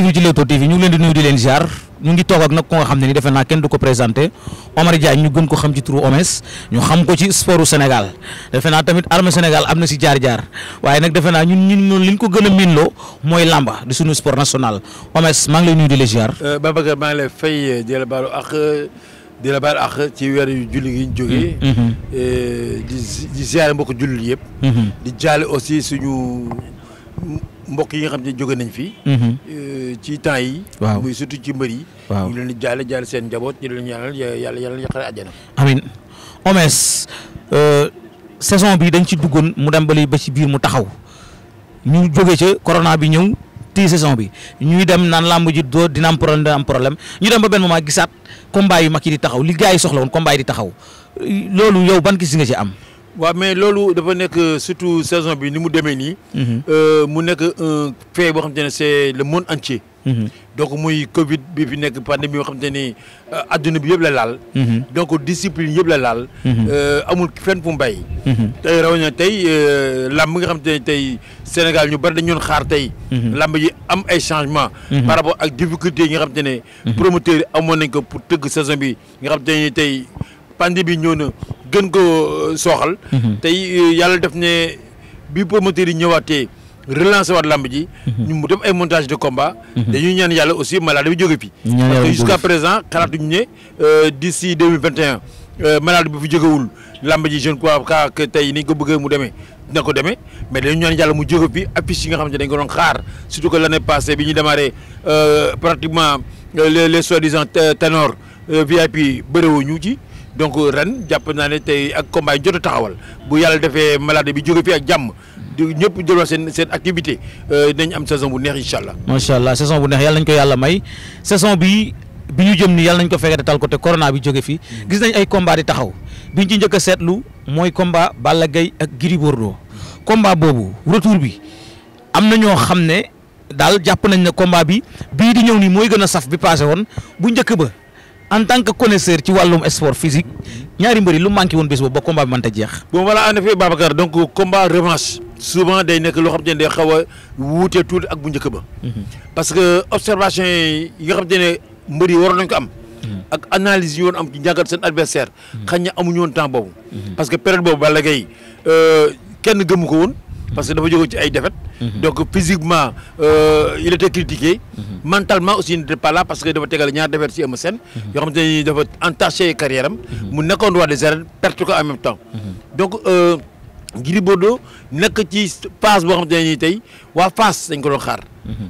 TV ci Leewtoo TV ñu ngi leen di nuyu di leen ziar ñu ngi toog ak nag ko nga xam ne ni defe naa kenn du ko présenté Omar Diagne ñu gën ko xam ci turu Omes ñu xam ko ci sportu Sénégal defe naa tamit armée Sénégal am na si jaar-jaar waaye nag defe naa ñun ñun ñun li ñu ko gën a miinloo mooy lamba di suñu sport national Omes maa ngi lay nuyu di leen ziar. Euh, ba maa ngi lay fay di la baalu ak di la ci weer yu julli yi ñu jógee. Mm-hmm. Mm-hmm. di di ziare mbokk jullit yëpp. Mm-hmm. di jaale aussi suñu mbokk yi nga xam ne jóge ci temps yi. waaw muy surtout ci mbër yi. waaw ñu leen di jaale jaale seen njaboot ñu leen ñaanal yàlla yàlla yàqale àjjana. amiin euh, saison bi dañ ci duggoon mu dem ba ba ci biir mu taxaw ñu jóge ca corona bi ñëw tii saison bi ñuy dem naan làmb ji doo dina am problème dina am problème ñu dem ba benn moment gisaat combat yu mag yi di taxaw li gars yi soxla woon combat yi di taxaw loolu yow ban gis nga ci am. waaw mais loolu dafa nekk surtout saison bi ni mu demee nii. Mhm. Euh, mu nekk un fait boo xam te ne c'est le monde entier. Mhm. donc muy Covid bi fi nekk pandémie yoo xam te ne euh, adduna bi yëpp la laal. Mhm. donc discipline yëpp la laal. Euh, amul fenn fu mbay. tey rawatina tey làmb nga xam te ne tey Sénégal ñu bari dañu xaar tey. làmb yi am ay changement par rapport ak difficulté yi nga xam te ne. promoteurs yi amoon nañ ko pour tëgg saison bi nga xam te ne tey. pandémie bi ñëw na gën ko euh, sooxal. Mhm. tey euh, yàlla def ne bi promoteur yi ñëwaatee relancer waat lamb ji. Mhm. ñu mu dem ay montage de combat. Mhm. dañuy ñaan yàlla aussi malade bi jóge fi. parce que jusqu'à présent xalaatuñu ne euh, d'ici deux mille vingt et un malade bi fi jógewul lamb ji je ne crois pas tey ni ko bëggee mu demee dina ko demee mais dañu ñaan yàlla mu jóge fi affiche yi nga xamante ne dañ ko doon xaar surtout que l'année passée bi ñu démarré pratiquement les les soi-disant ténors VIP bëriwoo ñu ji donc euh, ren jàpp naa ne tey ak combat yi jot taxawal bu yàlla defee maladie bi jóge fii ak jàmm ñëpp jëloo seen seen activité euh, nañ am saison bu neex incha allah. macha allah saison bu neex yàlla nañ ko yàlla may saison bi bi ñu jëm ni yàlla nañ ko fekkee tal côté corona bi jóge fii gis nañ ay combat di taxaw biñ ci njëkk a seetlu mooy combat Balla Gaye ak Gris Bordeaux combat boobu retour bi am na ñoo xam ne daal jàpp nañ ne combat bi bii di ñëw nii mooy gën a saf bi passé woon bu njëkk ba. en tant que connaisseur ci wàllum sport physique ñaari mbëri lu manqué woon bés boobu ba combat bi mënta jeex. bon voilà en effet Babacar donc combat revanche souvent day nekk loo xam te ne day xaw a wuute tuuti ak bu njëkk ba. Mhm. parce que observation yi nga xam te ne mbër yi waroon nañ ko am. Mhm. ak analyse yoon woon am ci njàngat seen adversaire. Mhm. xañ na amuñu woon temps boobu. parce que période boobu Balla Gaye euh, kenn gëmu ko woon. parce que dafa jóge ci ay défaite. Mhm. donc physiquement euh, il était critiqué. Mhm. mentalement aussi il n'était pas parce que dafa tegal ñaar defar ci Eumeu Sène. Mhm. yoo xamante ne dafa entaché carrière mu nekkoon roi des arènes perte ko en même donc euh, Gris nekk ci phase boo xamante ne nii tey waa Fass dañ ko doon xaar.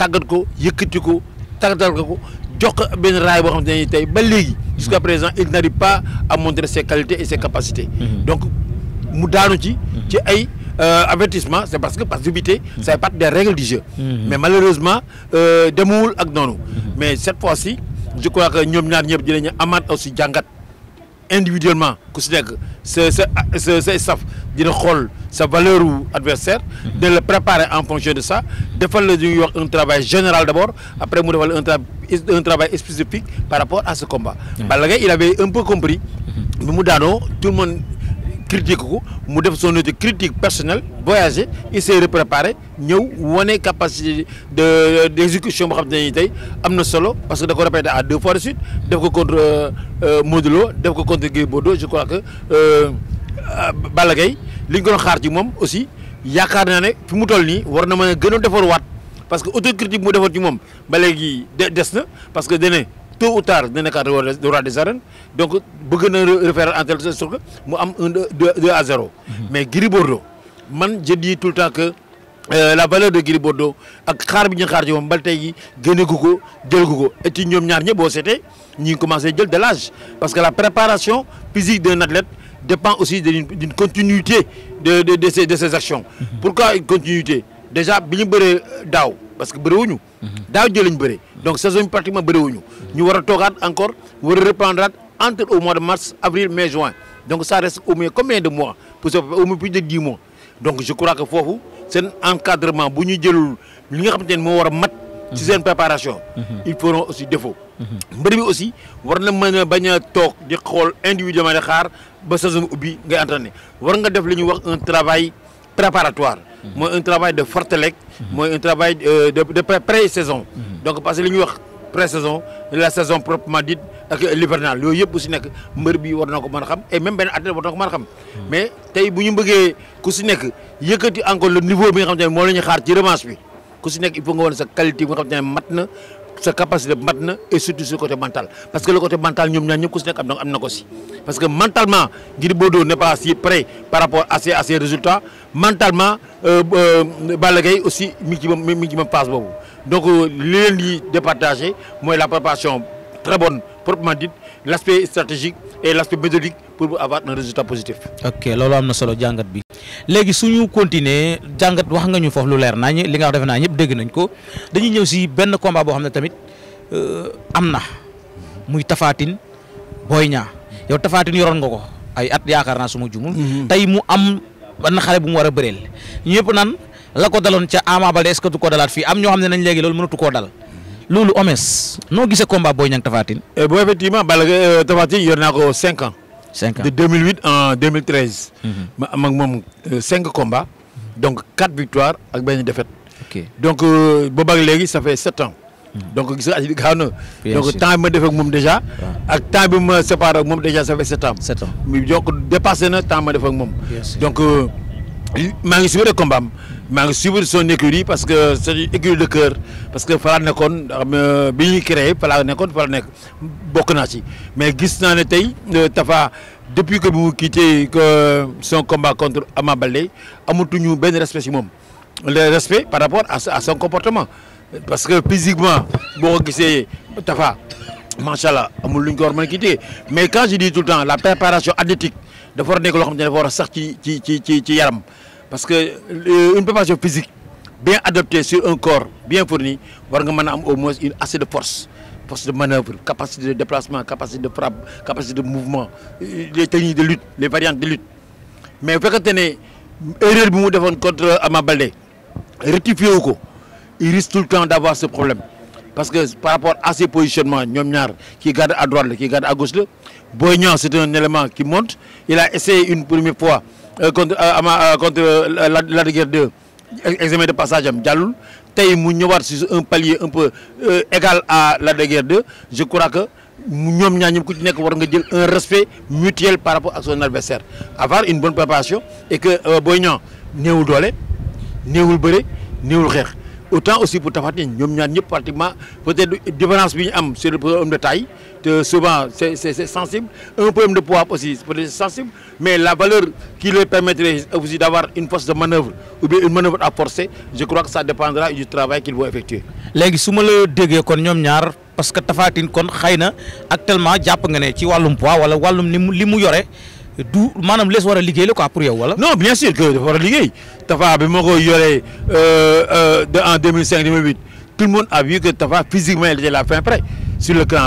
tàggat ko yëkkati ko tàggatal ko jox ko benn raay boo xamante ne nii tey ba léegi. jusqu'à présent il n'arrive pas à montrer ses qualités et ses capacités. donc mu daanu ci ci ay. Euh, avertissement c' est parce que passivité mm-hmm. ça fait partie des règles du jeu mm-hmm. mais malheureusement euh, demuwul ak noonu mm-hmm. mais cette fois ci je crois que ñoom ñaar ñëpp dinañu amaat aussi jàngat individuellement ku si nekk sa sa sa dina xool sa valeur u adversaire de le préparer en fonction de ça defal la ñuy wax un travail général d' abord après mu defal un travail spécifique par rapport à ce combat Balla Gaye il avait un peu compris bi mu tout le monde critique ko mu def son étude critique personnelle voyager il s'est repréparé ñëw wane capacité de d'exécution boo xam ne tey am na solo parce que da ko répété à deux fois de suite def ko contre euh, euh, Modou Lo def ko contre Gris je crois que euh, ah, Balla li ñu ko xaar ci moom aussi yaakaar naa ne fi mu toll nii war na man a gën a defar waat parce que autocritique mu defoon ci moom ba léegi des na parce que dene tôt ou tard dina nekkaat roi des arènes donc bëgg na référer en telle que mu am un deux à zéro mhm. mais Gris Bordeaux man je dis tout le temps que euh, la valeur de Gris Bordeaux ak xaar bi ñu xaar ci moom tey jii génne gu ko jël gu ko et ñoom ñaar ñëpp boo seetee ñu commencé jël de l'âge parce que la préparation physique d'un athlète dépend aussi d'une d'une continuité de de de ses de ses actions. Mhm. Pourquoi une continuité déjà bi ñu bëree daaw parce que bëriwuñu. daaw jëlañ bëri donc saison bi pratiquement bëriwuñu ñu war a toogaat encore war a reprendre entre au mois de mars avril mais juin donc ça reste au moins combien de mois pour ça au je crois que foofu seen encadrement bu ñu jëlul li nga xamante ne moo war a mat ci seen préparation faut feront aussi defo mbër mi aussi war na mën a bañ a toog di xool individuellement di xaar ba saison bi ubbi ngay entraîné war nga def li ñuy wax un travail préparatoire. mooy un travail de fortelec. mooy un travail euh, de de pré-saison. donc parce que li ñuy wax pré-saison la saison proprement dite ak l'hivernal yooyu yëpp bu si nekk mbër bi war na ko mën a xam et même benn athlète war na ko mën a xam. mais tey bu ñu bëggee ku si nekk yëkkati encore le niveau bi nga xam te ne moo la xaar ci revanche bi ku si nekk il faut nga woon sa qualité bi xam te ne mat na sa capacité mat na et surtout sur côté mental parce que le côté mental ñoom ñaar ñëpp ku si am na am parce que mentalement Gris Bordeaux n'est pas si prêt par rapport à ses à ses résultats mentalement euh, euh, Balla aussi mi ngi ci moom passe boobu donc euh, li leen di départager mooy la préparation très bonne proprement dite l'aspect stratégique et l'aspect méthodique. pour avoir un résultat positif. ok loolu am na solo jàngat bi léegi ñu continuer jàngat wax nga ñu foofu lu leer naa nañ li nga wax defe naa ñëpp dégg nañ ko dañuy ñëw si benn combat boo xam ne tamit euh, am na muy tafaatin booy ñaa yow tafaatin yoroon nga ko ay at yaakaar naa su ma jumul mhm. tey mu am benn xale bu mu war a bëreel ñëpp nan la ko daloon ca Ama Baldé est-ce que du ko am ñoo xam ne nañ léegi loolu mënatu koo dal loolu omes noo gisee combat booy ñang tafaatin. Eh, bu euh, ko cinq ans. cinq ans de 2008 en 2013. Mhm. ma am ak moom euh, cinq combats. Mhm. donc quatre victoires ak benn defet ok donc euh, boobaag léegi sa fait sept ans. Mhm. donc gis nga at bi donc temps ma def moom déjà. ak temps bi ma séparé moom déjà sa fait sept ans. sept donc dépassé na temps ma def ak moom. donc. Euh, maa ngi suivre combat am maa ngi suivre son écurie parce que c'est une écurie de cœur parce que falaa nekkoon xam bi ñuy créé falaa nekkoon falaa nekk bokk naa ci mais gis naa ne tey euh, Tafa depuis que bu quitté que son combat contre Ama Baldé amatuñu benn respect ci moom le respect par rapport à son comportement parce que physiquement boo ko gisee Tafa macha allah amul lu ñu ko war mën mais quand je dis tout le temps la préparation athlétique dafa war a nekk xam ne dafa a sax ci ci ci ci ci yaram parce que euh, une préparation physique bien adaptée sur un corps bien fourni war nga mën am au moins une assez de force force de manœuvre capacité de déplacement capacité de frappe capacité de mouvement euh, les techniques de lutte les variantes de lutte mais bu fekkente ne erreur bi mu defoon contre Ama Baldé rectifié wu ko il risque tout le temps d'avoir ce problème parce que par rapport à ses positionnements ñoom ñaar kii garde à droite la kii garde à gauche la qui monte Euh, contre euh, ama euh, contre Lac de Guiers 2 examen de passage am jàllul tey mu ñëwaat si un palier un peu égal à Lac de Guiers 2 je crois que ñoom ñaar ñëpp ku ci nekk war nga jël un respect mutuel par rapport ak son adversaire avoir une bonne préparation et que booy Niang néewul doole néewul bëre néewul xeex autant aussi pour Tapha ñoom ñaar ñëpp pratiquement peut-être différence bi ñu am c'est le problème de taille souvent c'est sensible un problème de poids aussi sensible mais la valeur qui leur permettrait aussi d'avoir une force de manœuvre ou bien une manœuvre à forcer je crois que ça dépendra du travail qu'ils vont effectuer. léegi su ma la déggee kon ñoom ñaar parce que tafaatin kon xëy na actuellement jàpp nga ne ci wàllum poids wala wàllum li mu li mu yore. du maanaam lees war a liggéey la quoi pour yow wala. non bien sûr que dafa war a liggéey Tafa bi moo ko yoree euh, euh, de en 2005 2008 tout le monde a vu que Tafa physiquement il était la fin prêt sur le plan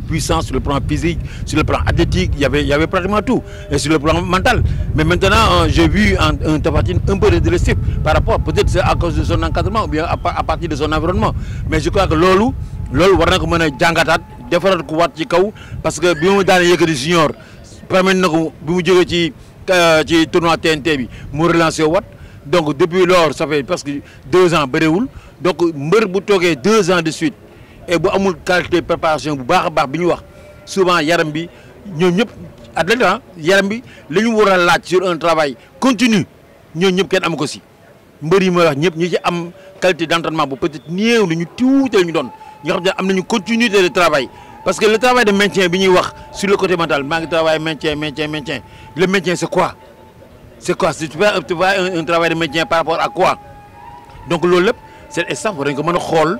puissance sur le plan physique sur le plan athlétique y avait il tout et sur le plan mental mais maintenant euh, j'ai vu un, un un peu régressif par rapport peut-être c'est à cause de son encadrement ou à, partir de son environnement mais je crois que loolu loolu war na ko parce que bi mu permettre na ko bi mu jógee ci euh, ci tournoi TNT bi mu relancer wat donc depuis lors ça parce que deux ans bëriwul donc mbër bu toogee deux ans de suite et bu amul qualité préparation bu baax a baax bi ñu wax souvent yaram bi ñoom ñëpp athlète ah yaram bi li ñu war a laaj sur un travail continu ñoom ñëpp kenn am ko si mbër yi ma wax ñëpp ñi ci am qualité d' entraînement bu peut être néew la ñu tuuti la ñu doon ñi nga xam ne am nañu continuité de travail parce que le travail de maintien bi ñuy wax sur le côté mental maa ngi travail maintien maintien maintien le maintien c'est quoi c'est quoi si tu vas tu vas un travail de maintien par rapport à quoi donc loolu lépp seen staff war nañ ko mën a xool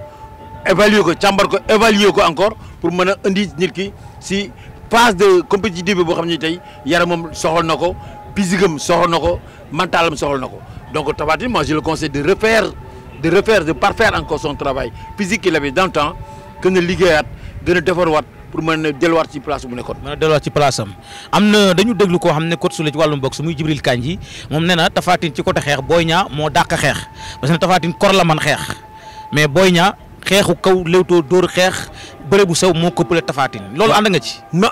évaluer ko càmbar ko évaluer ko encore pour mën a indi nit ki si phase de compétitivité boo xam ne tey yaramam soxal na ko pisigam soxal na ko mentalam soxal na ko donc Tapha Tine moi je le conseille de refaire de refaire de parfaire encore son temps liggéeyaat gën a defarwaat pour mën a delluwaat ci place bu nekkoon. mën a delluwaat ci place am na dañu déglu koo xam ne coach su la ci wàllum boxe muy Jibril Kanji moom nee na Tapha Tine ci côté xeex Boy Niang moo dàq xeex parce que Tapha Tine bu sew moo këppale Tapha loolu ànd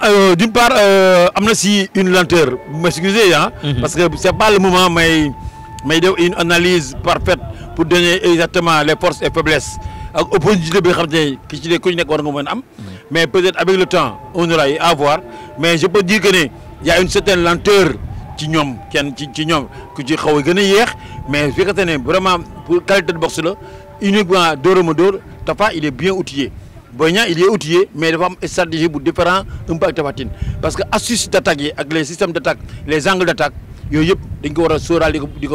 euh, euh, na si une lenteur bu m'excuser ah. parce que c'est pas le moment may may def une analyse parfaite pour donner exactement les forces et faiblesses. ak opportunité bi nga xam ne ki ci ne ku ñu nekk war nga mën am. mais peut-être avec le temps on aura à voir mais je peux dire que ne une certaine lenteur ci ñoom kenn ci ci ñoom ku ci xaw gën yéex mais su fekkee ne vraiment pour qualité de boxe la uniquement dóor ma dóor Tapha il est bien outillé. Boy Niang il est outillé mais dafa am stratégie bu différent un peu ak Tapha parce que astuce d'attaque yi ak les systèmes d'attaque les angles d'attaque yooyu yëpp dañ ko war a sóoraal di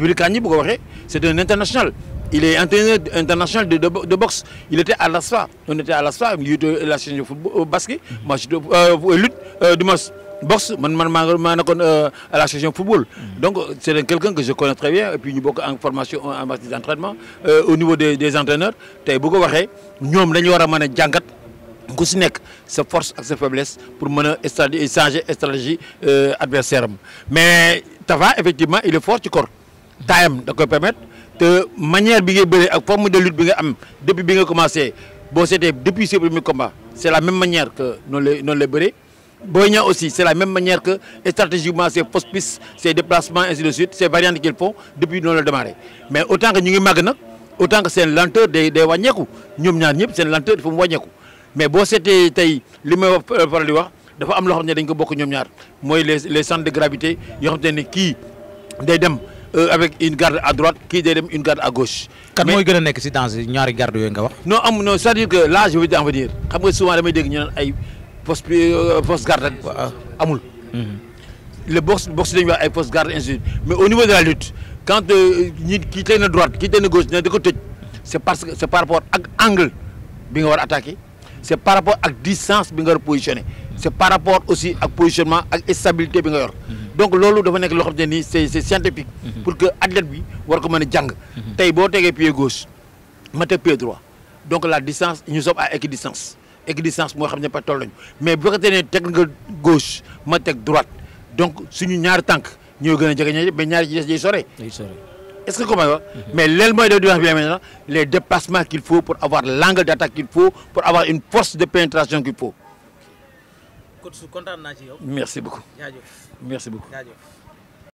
waxee c'est un international Il est entraîneur international de, boxe. Il était à l'ASFA. On était à l'ASFA, il à la euh, basket, moi, mm-hmm. je, euh, lutte, euh, boxe, man, man, man, euh, à la chaîne de football. Mm-hmm. Donc c'est quelqu'un que je connais très bien, et puis nous beaucoup en formation, en partie d'entraînement, euh, au niveau des, des entraîneurs. Tu as beaucoup parlé, nous sommes les gens qui ont ku si nekk sa force a sa faiblesse pour mën a changer stratégie euh, adversaire am mais Tapha effectivement il est fort ci corps taayam te manière bi ngay bëree ak forme de lutte bi nga am depuis bi nga commencé boo seetee depuis ses premiers combats c' est la même manière que noonu lay noonu lay bëree. Boy Niang aussi c' est la même manière que stratégiquement ses post piste ses déplacements ainsi de suite ses variantes qu' ils font depuis noonu la démarré mais autant que ñu ngi màgg nag autant que seen lenteur day day wàññeeku ñoom ñaar ñëpp seen lenteur dafa mu wàññeeku mais boo seetee tey li may wax euh, faral wax dafa am loo xam ne dañ ko bokk ñoom ñaar mooy les les centres de gravité yoo xam day dem. Euh, avec une garde à droite kii day dem une garde à gauche. kat mooy gën a nekk si danger ñaari garde yooyu nga wax. non am non c'est-à-dire que là je veux dire en xam nga souvent damay dégg ñu naan ay poste euh, poste garde amul. Mhm. le boxe boxe dañuy wax ay poste garde ainsi mais au niveau de la lutte quand ñi euh, kii tey na droite kii tey gauche ne da ko tëj c'est parce que c'est par rapport ak angle bi nga war a attaquer c'est par rapport ak distance bi nga war a positionner. c'est par rapport aussi ak positionnement ak stabilité bi nga yor mhm. donc loolu dafa nekk loo xam ne nii c'est scientifique mhm. pour que athlète bi war ko mën a mhm. tey boo tegee pied gauche ma teg pied droit donc la distance ñu sommes à équidistance équidistance moo xam ne pas toll nañu mais bu fekkee ne teg nga gauche ma teg droite donc suñu ñaari tànk ñoo gën a jege ñooy mais ñaari ci des day sore est-ce que comment wax mais léegi mooy def différence bi maintenant les qu'il faut coach kontaan naa ci yow. merci beaucoup jaajëf merci beaucoup jaajëf.